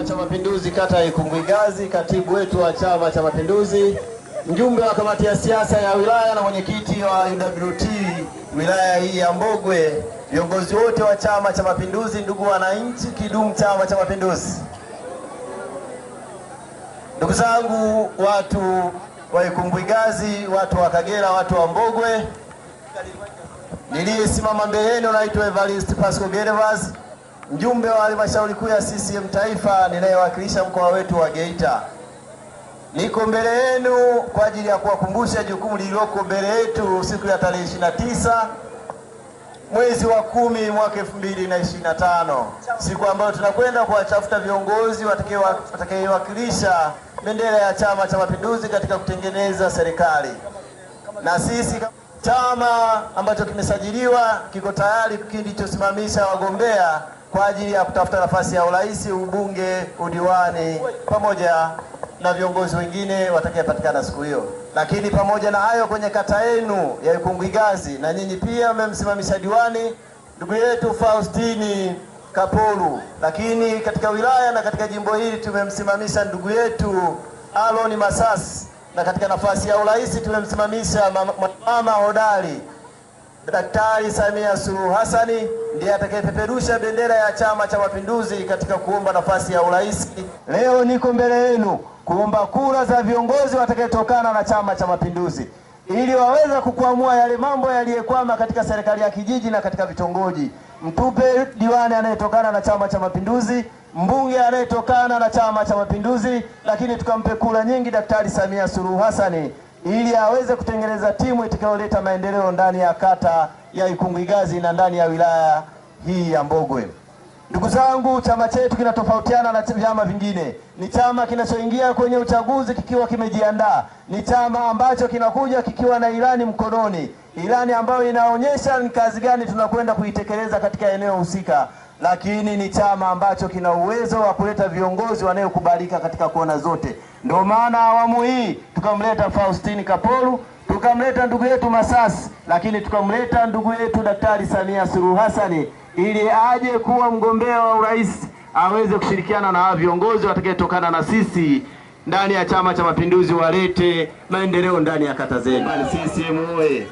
Chama cha Mapinduzi kata ya Ikunguigazi, katibu wetu wa Chama cha Mapinduzi, mjumbe wa kamati ya siasa ya wilaya na mwenyekiti wa UWT wilaya hii ya Mbogwe, viongozi wote wa Chama cha Mapinduzi, ndugu wananchi, kidumu Chama cha Mapinduzi. Ndugu zangu, watu wa Ikunguigazi, watu wa Kagera, watu wa Mbogwe, niliyesimama mbeleni naitwa Evarist Pasco Gervas mjumbe wa halmashauri kuu ya CCM taifa ninayewakilisha mkoa wetu wa Geita, niko mbele yenu kwa ajili ya kuwakumbusha jukumu lililoko mbele yetu siku ya tarehe 29 mwezi wa kumi mwaka 2025, siku ambayo tunakwenda kuwatafuta viongozi watakayewakilisha bendera ya Chama cha Mapinduzi katika kutengeneza serikali. Na sisi chama ambacho kimesajiliwa kiko tayari kilichosimamisha wagombea kwa ajili ya kutafuta nafasi ya urais, ubunge, udiwani pamoja na viongozi wengine watakayepatikana siku hiyo. Lakini pamoja na hayo, kwenye kata yenu ya Ikunguigazi na nyinyi pia mmemsimamisha diwani ndugu yetu Faustini Kapolu, lakini katika wilaya na katika jimbo hili tumemsimamisha ndugu yetu Aloni Masasi, na katika nafasi ya urais tumemsimamisha mama hodari Daktari Samia Suluhu Hassani ndiye atakayepeperusha bendera ya Chama cha Mapinduzi katika kuomba nafasi ya urais. Leo niko mbele yenu kuomba kura za viongozi watakayetokana na Chama cha Mapinduzi ili waweza kukuamua yale mambo yaliyekwama katika serikali ya kijiji na katika vitongoji. Mtupe diwani anayetokana na Chama cha Mapinduzi, mbunge anayetokana na Chama cha Mapinduzi, lakini tukampe kura nyingi Daktari Samia Suluhu Hassani ili aweze kutengeneza timu itakayoleta maendeleo ndani ya kata ya Ikunguigazi na ndani ya wilaya hii ya Mbogwe. Ndugu zangu, chama chetu kinatofautiana na vyama vingine. Ni chama kinachoingia kwenye uchaguzi kikiwa kimejiandaa, ni chama ambacho kinakuja kikiwa na ilani mkononi, ilani ambayo inaonyesha ni kazi gani tunakwenda kuitekeleza katika eneo husika lakini ni chama ambacho kina uwezo wa kuleta viongozi wanayokubalika katika kona zote. Ndio maana awamu hii tukamleta Faustini Kapolu, tukamleta ndugu yetu Masasi, lakini tukamleta ndugu yetu Daktari Samia Suluhu Hassan ili aje kuwa mgombea wa urais aweze kushirikiana na viongozi watakayetokana na sisi ndani ya Chama cha Mapinduzi, walete maendeleo ndani ya kata zetu. Sisi oye!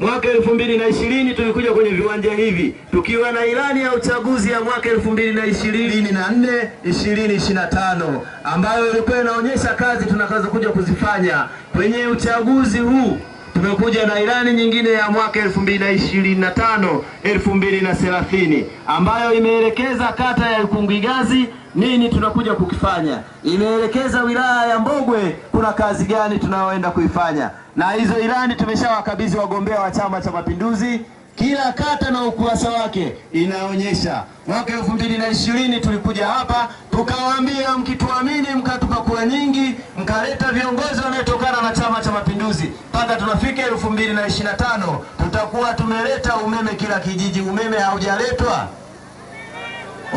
Mwaka elfu mbili na ishirini tulikuja kwenye viwanja hivi tukiwa na ilani ya uchaguzi ya mwaka 2024 2025 ambayo ilikuwa inaonyesha kazi tunakaza kuja kuzifanya kwenye uchaguzi huu. Tumekuja na ilani nyingine ya mwaka 2025 2030 ambayo imeelekeza kata ya Ikungigazi nini tunakuja kukifanya, imeelekeza wilaya ya Mbogwe kuna kazi gani tunayoenda kuifanya, na hizo ilani tumeshawakabidhi wagombea wa Chama cha Mapinduzi kila kata na ukurasa wake inaonyesha. Mwaka elfu mbili na ishirini tulikuja hapa tukawaambia, mkituamini mkatupa kura nyingi, mkaleta viongozi wanaotokana na Chama cha Mapinduzi, mpaka tunafika elfu mbili na ishirini na tano tutakuwa tumeleta umeme kila kijiji. Umeme haujaletwa,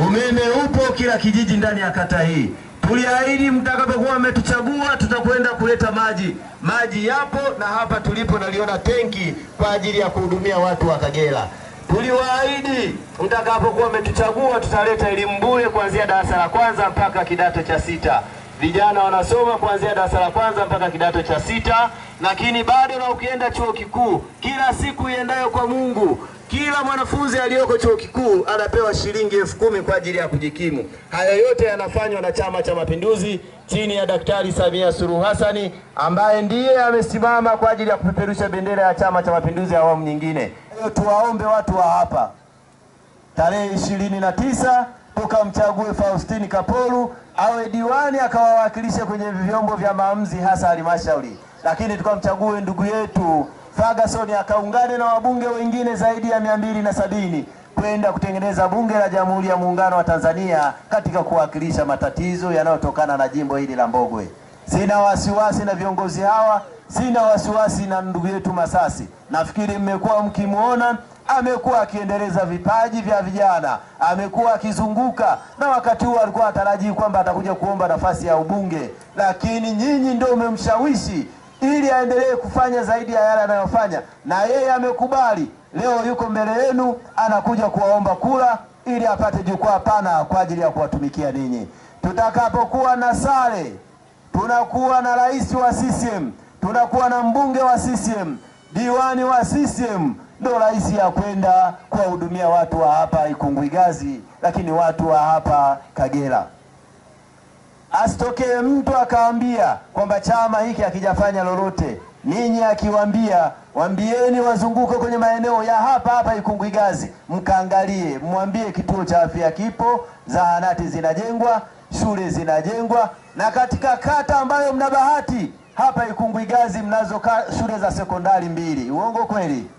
umeme upo kila kijiji ndani ya kata hii. Tuliahidi mtakapokuwa mmetuchagua tutakwenda kuleta maji. Maji yapo na hapa tulipo naliona tenki kwa ajili ya kuhudumia watu wa Kagera. Tuliwaahidi mtakapokuwa ametuchagua tutaleta elimu bure kuanzia darasa la kwanza mpaka kidato cha sita. Vijana wanasoma kuanzia darasa la kwanza mpaka kidato cha sita, lakini bado na ukienda chuo kikuu, kila siku iendayo kwa Mungu kila mwanafunzi aliyoko chuo kikuu anapewa shilingi elfu kumi kwa ajili ya kujikimu. Haya yote yanafanywa na Chama cha Mapinduzi chini ya Daktari Samia Suluhu hasani ambaye ndiye amesimama kwa ajili ya kupeperusha bendera ya Chama cha Mapinduzi ya awamu nyingine. Tuwaombe watu wa hapa tarehe ishirini na tisa tukamchague Faustini Kapolu awe diwani akawawakilishe kwenye vyombo vya maamuzi hasa halmashauri, lakini tukamchague ndugu yetu Ferguson akaungane na wabunge wengine zaidi ya mia mbili na sabini kwenda kutengeneza bunge la Jamhuri ya Muungano wa Tanzania katika kuwakilisha matatizo yanayotokana na jimbo hili la Mbogwe. Sina wasiwasi na viongozi hawa, sina wasiwasi na ndugu yetu Masasi. Nafikiri mmekuwa mkimwona amekuwa akiendeleza vipaji vya vijana, amekuwa akizunguka, na wakati huo alikuwa atarajii kwamba atakuja kuomba nafasi ya ubunge, lakini nyinyi ndio mmemshawishi ili aendelee kufanya zaidi ya yale anayofanya, na yeye amekubali. Leo yuko mbele yenu, anakuja kuwaomba kura ili apate jukwaa pana kwa ajili ya kuwatumikia ninyi. Tutakapokuwa na sare, tunakuwa na rais wa CCM, tunakuwa na mbunge wa CCM, diwani wa CCM, ndo rais ya kwenda kuwahudumia watu wa hapa Ikunguigazi, lakini watu wa hapa Kagera asitokee mtu akaambia kwamba chama hiki hakijafanya lolote. Ninyi akiwambia wambieni wazunguke kwenye maeneo ya hapa hapa gazi mkaangalie, mwambie kituo cha afya kipo, zahanati zinajengwa, shule zinajengwa, na katika kata ambayo mna bahati hapa Ikunguigazi mnazo shule za sekondari mbili. Uongo kweli?